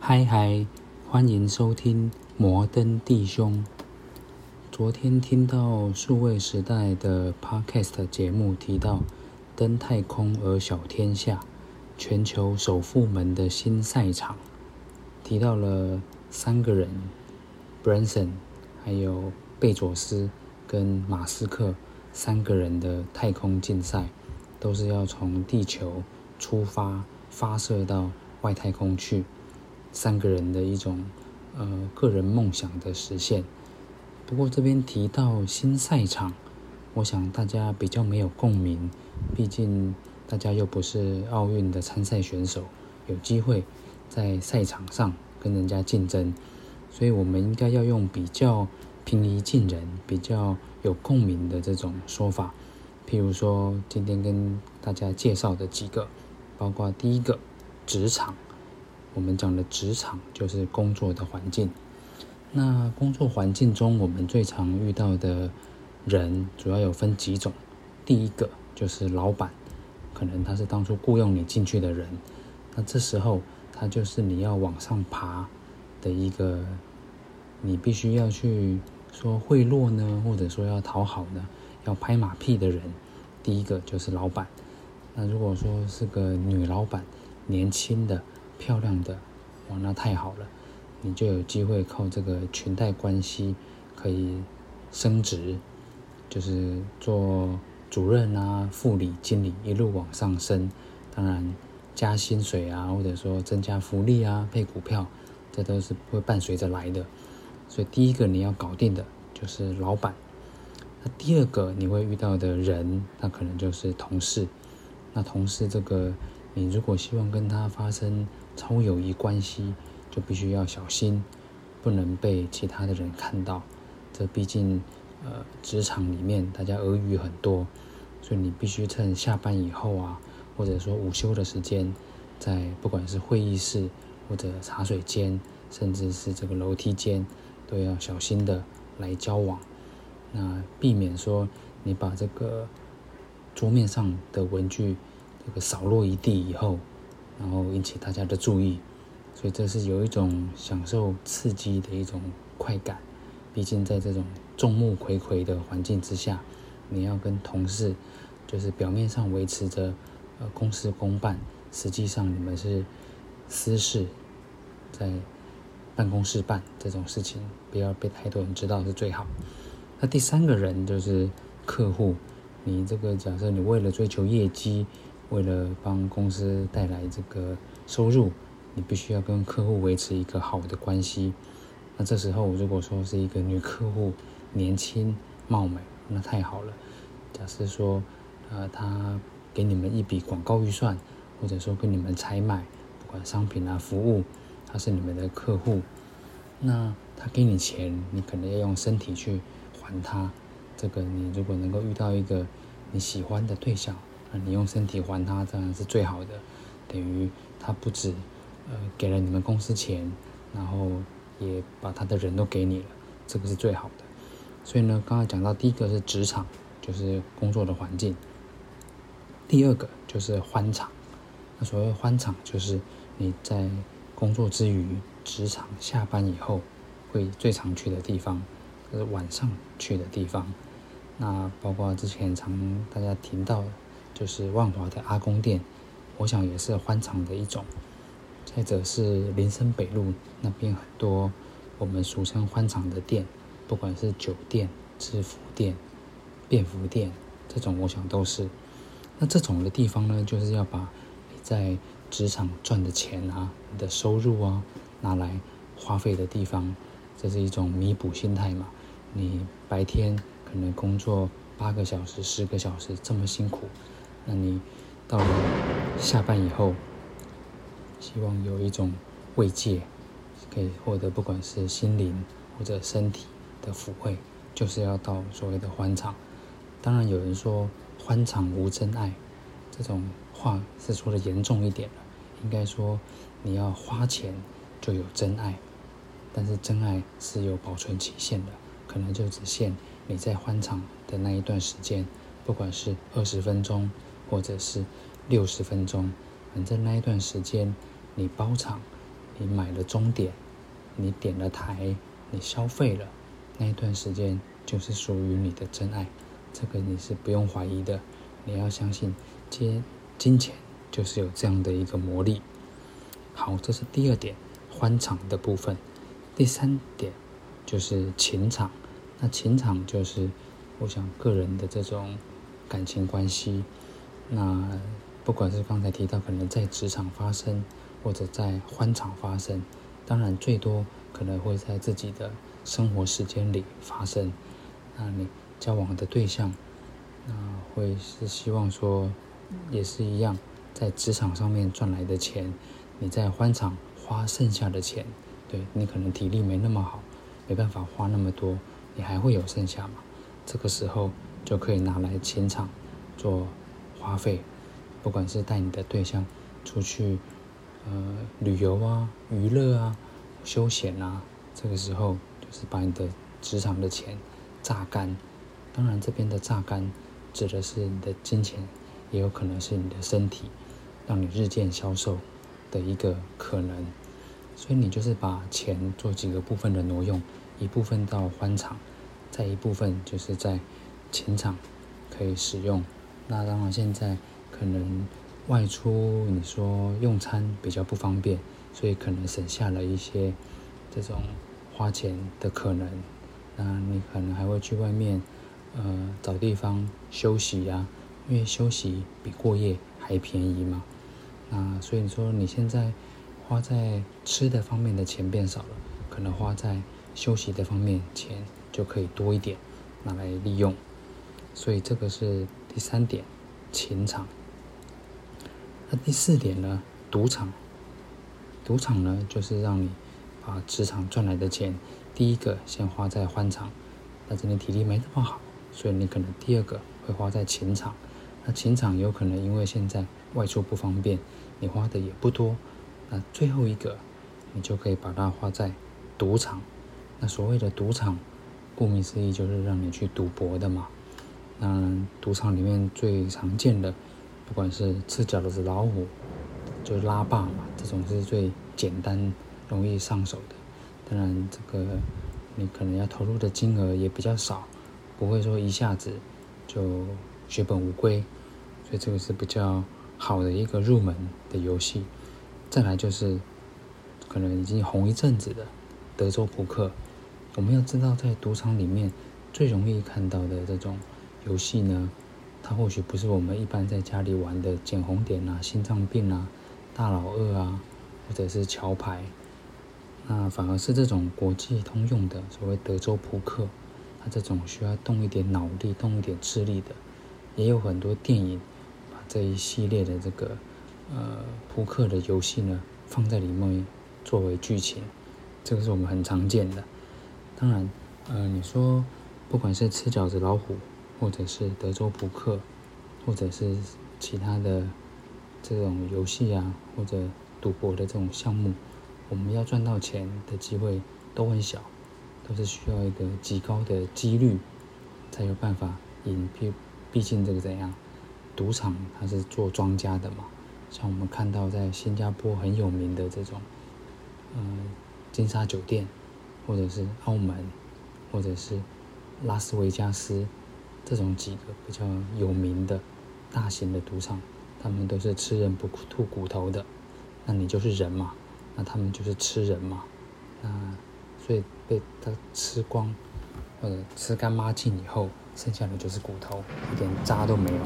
嗨嗨，歡迎收聽《摩登弟兄》。昨天聽到數位時代的 Podcast 節目提到，登太空而小天下，全球首富們的新賽場，提到了三個人：Branson、Branson，還有貝佐斯跟馬斯克三個人的太空競賽，都是要從地球出發，發射到外太空去。三個人的一種，呃，個人夢想的實現。不過這邊提到新賽場，我想大家比較沒有共鳴，畢竟大家又不是奧運的參賽選手，有機會在賽場上跟人家競爭，所以我們應該要用比較平易近人、比較有共鳴的這種說法。譬如說，今天跟大家介紹的幾個，包括第一個，職場。我們講的職場就是工作的環境。那工作環境中，我們最常遇到的人主要有分幾種。第一個就是老板，可能他是當初僱傭你進去的人，那這時候他就是你要往上爬的一個，你必須要去說賄賂呢，或者說要討好呢，要拍馬屁的人。第一個就是老板。那如果說是個女老板，年輕的。漂亮的，哇，那太好了，你就有機會靠這個裙帶關係可以升職，就是做主任啊、副理、經理，一路往上升。當然加薪水啊，或者說增加福利啊、配股票，這都是會伴隨着來的。所以第一個你要搞定的就是老闆，那第二個你會遇到的人，那可能就是同事。那同事這個，你如果希望跟他發生超友誼關係就必須要小心，不能被其他的人看到。這畢竟，呃，職場裡面大家耳語很多，所以你必須趁下班以後啊，或者說午休的時間，在不管是會議室或者茶水間，甚至是這個樓梯間，都要小心地來交往，那避免說你把這個桌面上的文具這個掃落一地以後。然後引起大家的注意，所以這是有一種享受刺激的一種快感。畢竟在這種眾目睽睽的環境之下，你要跟同事，就是表面上維持着，呃，公事公辦，實際上你們是私事，在辦公室辦這種事情，不要被太多人知道是最好。那第三個人就是客戶，你這個假設你為了追求業績。為了幫公司帶來這個收入，你必須要跟客戶維持一個好的關係。那這時候，如果說是一個女客戶，年輕貌美，那太好了。假設說，呃，她給你們一筆廣告預算，或者說跟你們採買，不管商品啊、服務，她是你們的客戶，那她給你錢，你可能要用身體去還她。這個，你如果能夠遇到一個你喜歡的對象。你用身體還他，當然是最好的，等於他不止，呃，給了你們公司錢，然後也把他的人都給你了，這個是最好的。所以呢，剛才講到第一個是職場，就是工作的環境；第二個就是歡場。那所謂歡場，就是你在工作之餘，職場下班以後會最常去的地方，就是晚上去的地方。那包括之前常大家聽到。就是萬華的阿公店，我想也是歡場的一種。再者是林森北路那邊很多我們俗稱歡場的店，不管是酒店、制服店、便服店，這種我想都是。那這種的地方呢，就是要把你在職場賺的錢啊、你的收入啊，拿來花費的地方，這是一種彌補心態嘛。你白天可能工作八個小時、十個小時這麼辛苦。那你到了下班以後，希望有一種慰藉，可以獲得不管是心靈或者身體的撫慰，就是要到所謂的歡場。當然有人說歡場無真愛，這種話是說得嚴重一點了。應該說你要花錢就有真愛，但是真愛是有保存期限的，可能就只限你在歡場的那一段時間，不管是二十分鐘。或者是六十分鐘，反正那一段時間，你包場，你買了鐘點，你點了台，你消費了，那一段時間就是屬於你的真愛，這個你是不用懷疑的，你要相信金金錢就是有這樣的一個魔力。好，這是第二點，歡場的部分。第三點就是情場，那情場就是我想個人的這種感情關係。那不管是剛才提到可能在職場發生，或者在歡場發生，當然最多可能會在自己的生活時間裡發生。那你交往的對象，那會是希望說，也是一樣，在職場上面賺來的錢，你在歡場花剩下的錢，對你可能體力沒那麼好，沒辦法花那麼多，你還會有剩下嘛？這個時候就可以拿來情場做。花費，不管是帶你的對象出去，呃，旅遊啊、娛樂啊、休閒啊，這個時候就是把你的職場的錢榨乾。當然，這邊的榨乾指的是你的金錢，也有可能是你的身體，讓你日漸消瘦的一個可能。所以你就是把錢做幾個部分的挪用，一部分到歡場，再一部分就是在情場可以使用。那當然，現在可能外出，你說用餐比較不方便，所以可能省下了一些這種花錢的可能。那你可能還會去外面，呃，找地方休息呀、啊，因為休息比過夜還便宜嘛。那所以你說，你現在花在吃的方面的錢變少了，可能花在休息的方面錢就可以多一點拿來利用。所以這個是。第三點，情場。那第四點呢？賭場。賭場呢，就是讓你把職場賺來的錢，第一個先花在歡場。那今天體力沒那麼好，所以你可能第二個會花在情場。那情場有可能因為現在外出不方便，你花的也不多。那最後一個，你就可以把它花在賭場。那所謂的賭場，顧名思義就是讓你去賭博的嘛。那賭場裡面最常見的，不管是吃角子老虎，就是拉霸嘛，這種是最簡單、容易上手的。當然，這個你可能要投入的金額也比較少，不會說一下子就血本無歸，所以這個是比較好的一個入門的遊戲。再來就是可能已經紅一陣子的德州撲克。我們要知道，在賭場裡面最容易看到的這種。遊戲呢，它或許不是我們一般在家裡玩的撿紅點吶、啊、心臟病啊，大老二啊，或者是橋牌，那反而是這種國際通用的所謂德州撲克，它這種需要動一點腦力、動一點智力的，也有很多電影把這一系列的這個呃撲克的遊戲呢放在裡面作為劇情，這個是我們很常見的。當然，呃，你說不管是吃角子、老虎。或者是德州撲克，或者是其他的這種遊戲啊，或者賭博的這種項目，我們要賺到錢的機會都很小，都是需要一個極高的幾率才有辦法贏。畢畢竟這個怎樣，賭場它是做莊家的嘛。像我們看到在新加坡很有名的這種，嗯、呃，金沙酒店，或者是澳門，或者是拉斯維加斯。這種幾個比較有名的大型的賭場，他們都是吃人不吐骨頭的，那你就是人嘛，那他們就是吃人嘛，那所以被他吃光或者吃乾抹淨以後，剩下的就是骨頭，一點渣都沒有。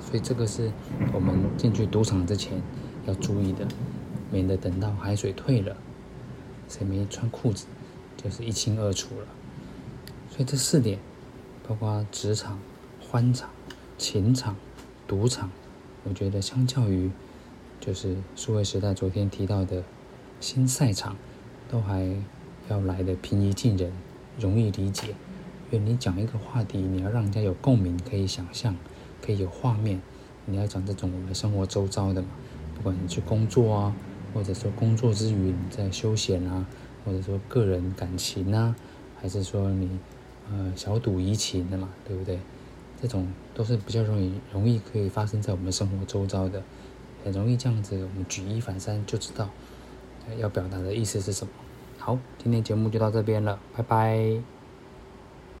所以這個是我們進去賭場之前要注意的，免得等到海水退了，誰沒穿褲子，就是一清二楚了。所以這四點。包括職場、歡場、情場、賭場，我覺得相較於就是數位時代昨天提到的新賽場，都還要來得平易近人、容易理解。因為你講一個話題，你要讓人家有共鳴，可以想象，可以有畫面。你要講這種我們生活周遭的嘛，不管你去工作啊，或者說工作之餘你在休閒啊，或者說個人感情啊，還是說你。呃，小賭怡情的嘛，對不對？這種都是比較容易，容易可以發生在我們生活周遭的，很容易這樣子，我們舉一反三就知道，呃，要表達的意思是什麼。好，今天節目就到這邊了，拜拜。